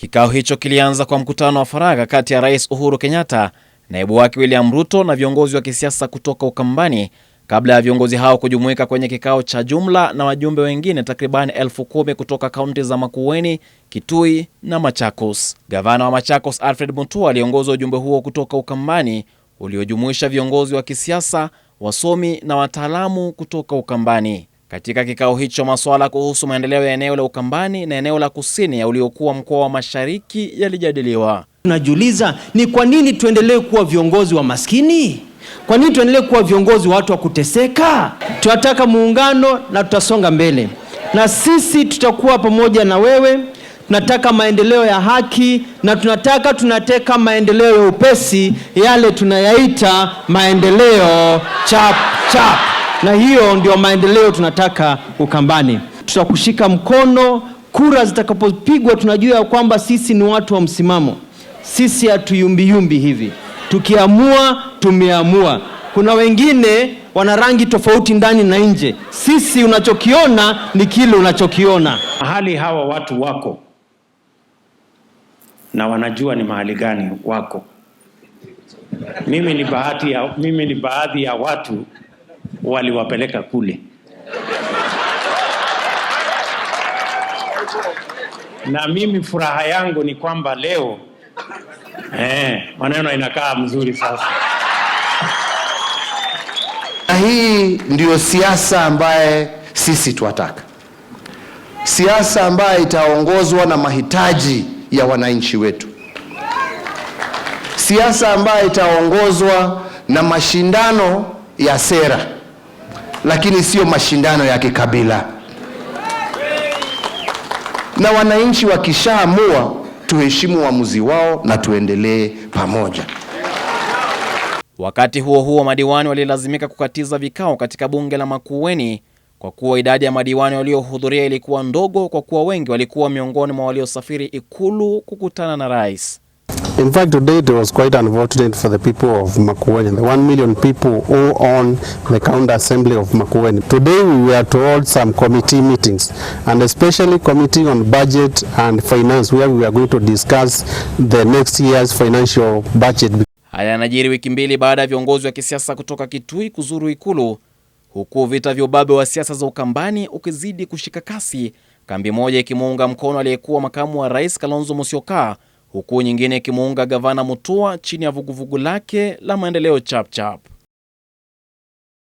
Kikao hicho kilianza kwa mkutano wa faragha kati ya Rais Uhuru Kenyatta, naibu wake William Ruto na viongozi wa kisiasa kutoka Ukambani kabla ya viongozi hao kujumuika kwenye kikao cha jumla na wajumbe wengine takribani elfu kumi kutoka kaunti za Makueni, Kitui na Machakos. Gavana wa Machakos Alfred Mutua aliongoza ujumbe huo kutoka Ukambani uliojumuisha viongozi wa kisiasa, wasomi na wataalamu kutoka Ukambani. Katika kikao hicho masuala kuhusu maendeleo ya eneo la Ukambani na eneo la kusini ya uliokuwa mkoa wa Mashariki yalijadiliwa. Tunajiuliza ni kwa nini tuendelee kuwa viongozi wa maskini? Kwa nini tuendelee kuwa viongozi wa watu wa kuteseka? Tunataka muungano na tutasonga mbele, na sisi tutakuwa pamoja na wewe. Tunataka maendeleo ya haki na tunataka tunateka maendeleo ya upesi, yale tunayaita maendeleo chap chap na hiyo ndio maendeleo tunataka Ukambani. Tutakushika mkono kura zitakapopigwa. Tunajua kwamba sisi ni watu wa msimamo, sisi hatuyumbiyumbi hivi. Tukiamua tumeamua. Kuna wengine wana rangi tofauti ndani na nje. Sisi unachokiona ni kile unachokiona. Mahali hawa watu wako na wanajua ni mahali gani wako. Mimi ni baadhi ya, mimi ni baadhi ya watu waliwapeleka kule na mimi furaha yangu ni kwamba leo eh, maneno inakaa mzuri sasa. Hii ndiyo siasa ambaye sisi tuwataka siasa ambaye itaongozwa na mahitaji ya wananchi wetu, siasa ambaye itaongozwa na mashindano ya sera lakini sio mashindano ya kikabila. Na wananchi wakishaamua, tuheshimu uamuzi wao na tuendelee pamoja. Wakati huo huo, madiwani walilazimika kukatiza vikao katika bunge la Makueni kwa kuwa idadi ya madiwani waliohudhuria ilikuwa ndogo, kwa kuwa wengi walikuwa miongoni mwa waliosafiri Ikulu kukutana na rais. In fact, today it was quite unfortunate for the people of Makueni, the 1 million people who own the county assembly of Makueni. Today we were to hold some committee meetings and especially committee on budget and finance where we are going to discuss the next year's financial budget. Haya yanajiri wiki mbili baada ya viongozi wa kisiasa kutoka Kitui kuzuru Ikulu huku vita vya ubabe wa siasa za Ukambani ukizidi kushika kasi, kambi moja ikimuunga mkono aliyekuwa makamu wa rais Kalonzo Musyoka huku nyingine ikimuunga gavana Mutua chini ya vuguvugu lake la maendeleo Chapchap.